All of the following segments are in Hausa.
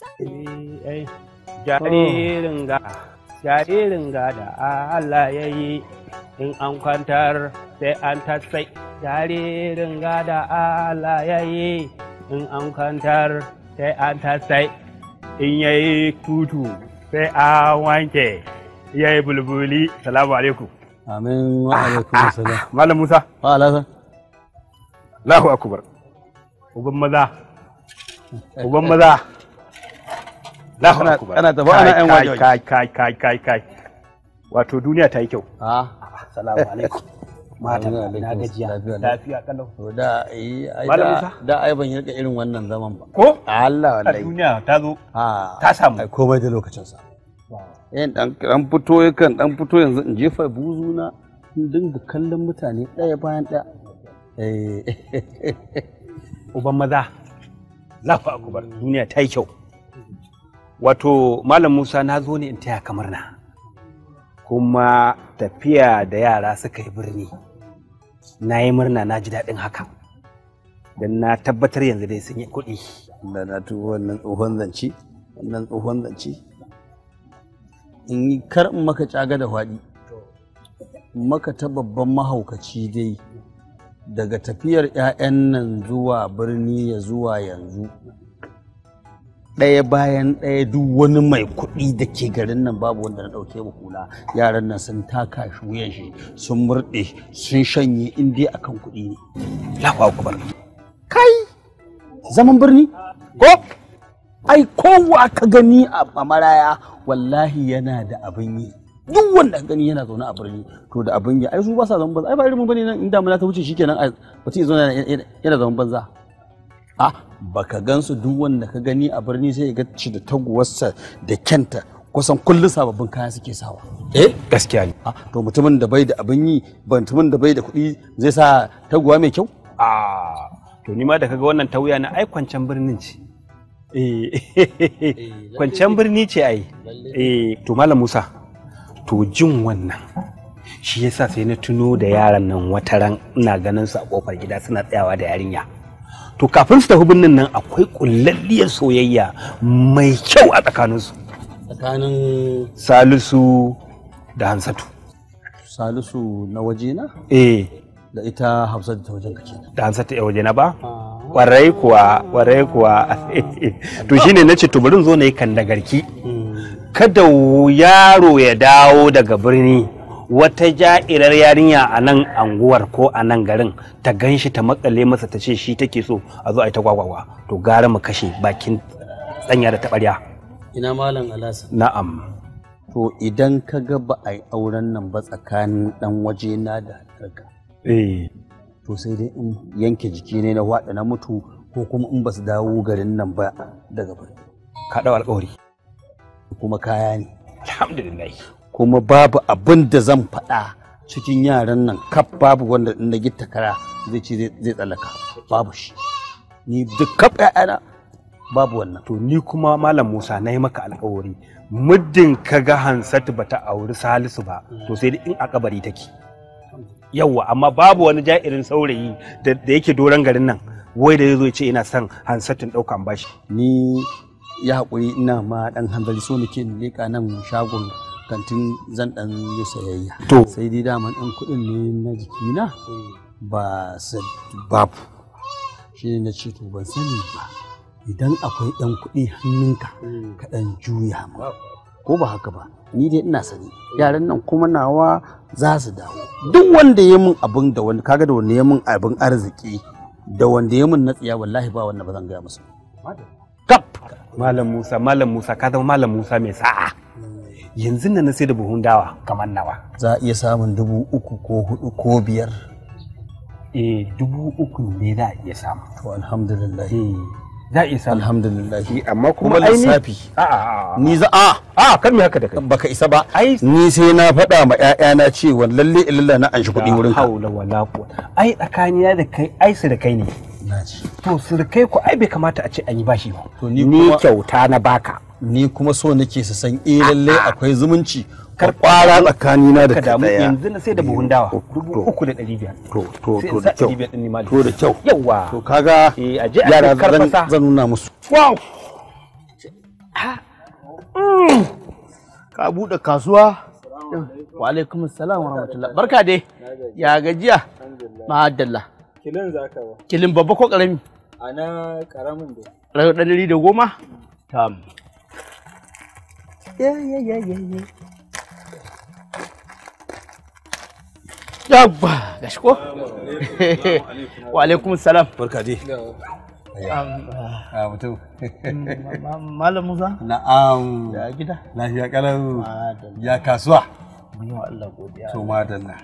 Eh, jaririn ga jaririn ga da Allah ya yi in an kwantar sai an tatsai, jaririn ga da Allah ya yi in an kwantar sai an tatsai. in ya yi kutu sai an wanke ya yi bulbuli salamu alaikum amin wa alaikum ah, ah, salam ah, malam musa wa alaikum Allahu akubar. ugun maza ugun maza Allahu akbar. Ana tafi ana yan wajen. Kai kai kai kai kai. Wato duniya ta yi kyau. Ah, assalamu alaikum. Mata na gajiya lafiya kalau. To da yi eh, da ai ban yi irin wannan zaman ba. Ko? Allah wallahi. Duniya ta zo. Ah. Ta samu. Ai komai da lokacin sa. Yan eh, dan dan fito yakan dan fito yanzu in jefa buzuna in dinga kallon mutane ɗaya bayan ɗaya. Eh. Uban maza. Allahu akbar. Duniya ta yi kyau. wato malam musa na zo ne in taya kamar na kuma tafiya da yara suka yi birni na yi murna na ji daɗin haka don na tabbatar yanzu dai sun yi kuɗi da na tuba wannan tsohon zance wannan tsohon zance in yi kar in maka caga da waɗi maka ta babban mahaukaci dai daga tafiyar 'ya'yan nan zuwa birni ya zuwa yanzu ɗaya bayan ɗaya duk wani mai kuɗi da ke garin nan babu wanda na ɗauke ba hula yaran nan sun taka shi wuyan shi sun murɗe sun shanye in dai akan kuɗi ne lafa bar kai zaman birni ko ai kowa ka gani a maraya wallahi yana da abin yi duk wanda ka gani yana zaune a birni to da abin yi ai su ba sa zaman banza ai ba irin mu bane nan in damuna ta wuce shikenan ba ya zauna yana zaman banza a baka gansu duk wanda ka gani a birni sai ga ci da taguwarsa da kyanta kusan kullum sababbin kaya suke sawa. Eh gaskiya ne. to mutumin da bai da abin yi, mutumin da bai da kuɗi zai sa taguwa mai kyau? A to ni ma da kaga wannan tawuya na ai kwancen birnin ce. kwancan eh, kwancen birni ce ai. Eh to Malam Musa to jin wannan shi yasa sai na tuno da yaran nan wataran ina ganin su a kofar gida suna tsayawa da yarinya. to kafin su tafi birnin nan akwai kullalliyar soyayya mai kyau a tsakaninsu tsakanin salisu da hansatu salisu na waje na? eh da ita hafsa da wajen kake da hansatu a waje na ba ah. warai kuwa warai kuwa to shine nace to bari zo na yi kan hmm. kada yaro ya dawo daga birni wata ja'irar yarinya a nan anguwar ko a nan garin ta gan shi ta makale masa ta ce shi take so a zo a yi ta gwagwagwa to gara mu kashe bakin tsanya da taɓarya. ina malam alasa na'am to idan ka ga ba a yi auren nan ba tsakanin dan waje na da harka eh to sai dai in yanke jiki ne na waɗa na mutu ko kuma in ba su dawo garin nan ba daga ba ka dawo alƙawari kuma kaya ne alhamdulillah kuma babu abin da zan faɗa cikin yaran nan kaf babu wanda na gita kara zai ce zai tsallaka babu shi ni duk kaf ƴaƴana babu wannan to ni kuma malam Musa na yi maka alƙawari muddin ka ga Hansatu bata auri Salisu ba to sai in a kabari take yawwa amma babu wani ja'irin saurayi da yake doron garin nan wai da yazo ya ce ina son Hansatu ɗaukan bashi ni ya haƙuri ina ma ɗan hanzari so nake leƙa nan shagon kantin zan dan yi sayayya to sai dai daman ɗan kuɗin ne na jikina ba babu shi ne na ce to ban sani ba idan akwai ɗan kuɗi hannunka hmm. ka ɗan juya ma ko ba haka ba ni dai ina sani hmm. yaran nan kuma nawa za su dawo duk wanda ya min abin da wani kaga da wanda ya min abin arziki da wanda ya min natsiya wallahi ba wanda ba zan gaya musu kap malam musa malam musa ka zama malam musa mai sa'a yanzu nan na sai da buhun dawa kamar nawa za a iya samun dubu uku ko hudu ko biyar e dubu uku ne za a iya samu to alhamdulillah eh, za a iya samu alhamdulillah eh, amma kuma lissafi ni za a a kar mai haka da kai baka isa ba ni sai na faɗa ma ƴaƴana cewa lalle ilalla na an shi kuɗi wurin ka haula wala ko. ai tsakanina da kai ai su da kai ne to kai ku ai bai kamata a ce an yi bashi ba ni kyauta na baka ni kuma so nake su san eh lalle akwai zumunci kwara tsakani na da kada yanzu na sai da buhun dawa eh, dubu uku da ɗari biyar to to to da kyau to da kyau yawa to kaga eh, yara zan zan nuna musu wow mm. ka bude kasuwa wa alaikum assalam wa rahmatullah barka dai ya gajiya ma'adalla kilin zaka ba kilin babba ko karami ana karamin da ɗari da goma tam Yeah, yeah, yeah, yeah, yeah. Yawwa, gashi ko? Wa alaikum salam. Barka dai. A mutum. Mm, Malam Musa? Na'am. Ya gida? Lafiya kalau. Ya kasuwa. Mun wa Allah godiya. To madalla.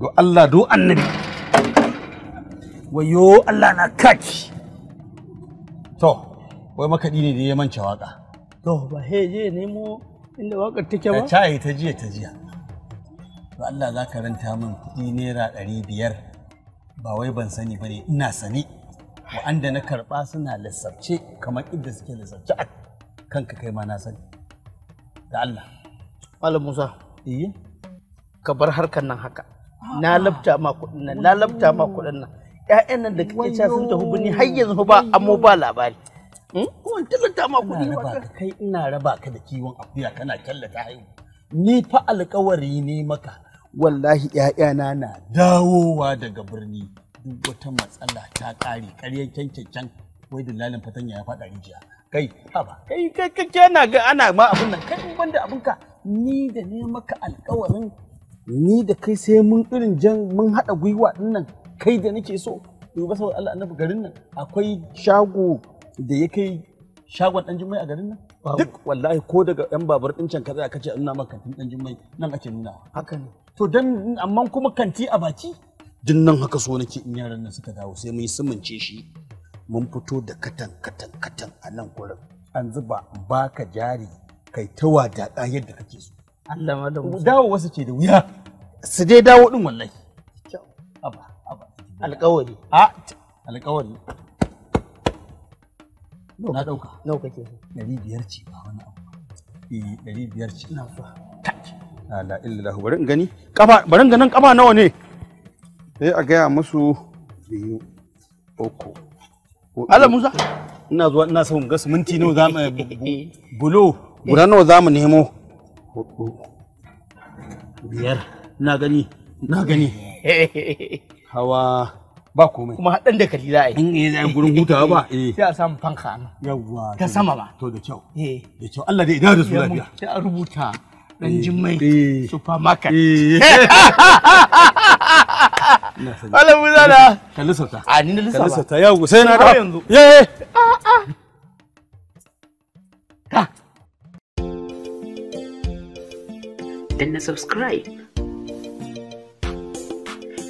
go Allah do annabi. Wayo Allah na kaci. To, wai makaɗi ne da ya manta waka to ba he je nemo inda wakar take ba ta yi ta jiya ta jiya to Allah za ka ranta min kuɗi naira ɗari biyar ba wai ban sani ba ne ina sani wa'anda na karɓa suna lissafce kamar inda suke lissafce a kanka kai ma na sani da Allah Malam Musa iya eh? ka bar harkar nan haka na labta ma kuɗin nan na labta ma kuɗin nan ƴaƴan nan da kake cewa sun tafi bini har yanzu ba amma ba labari Hmm? Kuma tallata ma kuɗi wa kai ina raba ka da kiwon akuya kana tallata haihu. Ni fa alkawari ne maka wallahi ‘ya'yana na dawowa daga birni duk wata matsala ta ƙare ƙaryar kyankyakken wai dillalin fatanya ya faɗa rijiya. Kai, haba, kai, kai, kai, yana ga ana ma abin nan, kai ban da ka. ni da ne maka alƙawarin. ni da kai sai mun irin jan mun haɗa gwiwa ɗin nan kai da nake so. Duba saboda Allah annabi garin nan akwai shago da ya kai shagon ɗan jimai a garin nan duk wallahi ko daga ɗan babur din can kaza kace ina maka kantin ɗan jimmai nan ake nuna haka ne to dan amma kuma kanti a baki din nan haka so nake in yaran nan suka dawo sai mun sumunce shi mun fito da katan katan katan a nan gurin an zuba baka jari kai ta wadaɗa yadda kake so Allah malam dawo wasu ce da wuya su dai dawo din wallahi aba aba alƙawari a alƙawari na ɗauka, nawa kake so biyar ce ba wani abu eh ɗari biyar ce na so taki la lahu bari in gani kafa bari in ganin kafa nawa ne sai a gaya musu biyu uku Allah Musa ina zuwa ina son gas minti nawa za mu bulo guda nawa za mu nemo biyar na gani na gani hawa ba komai kuma haɗin da kali za a yi in eh, yi gurin hutawa ba eh sai a samu fanka ana yawwa ta sama ba to da kyau eh da kyau Allah dai idan da su lafiya sai a rubuta dan eh, jimmai eh. supermarket Allah mu zana ka lissafta a ni na lissafta ka lissafta yawwa sai na da yanzu ye ah, ah. ah. na subscribe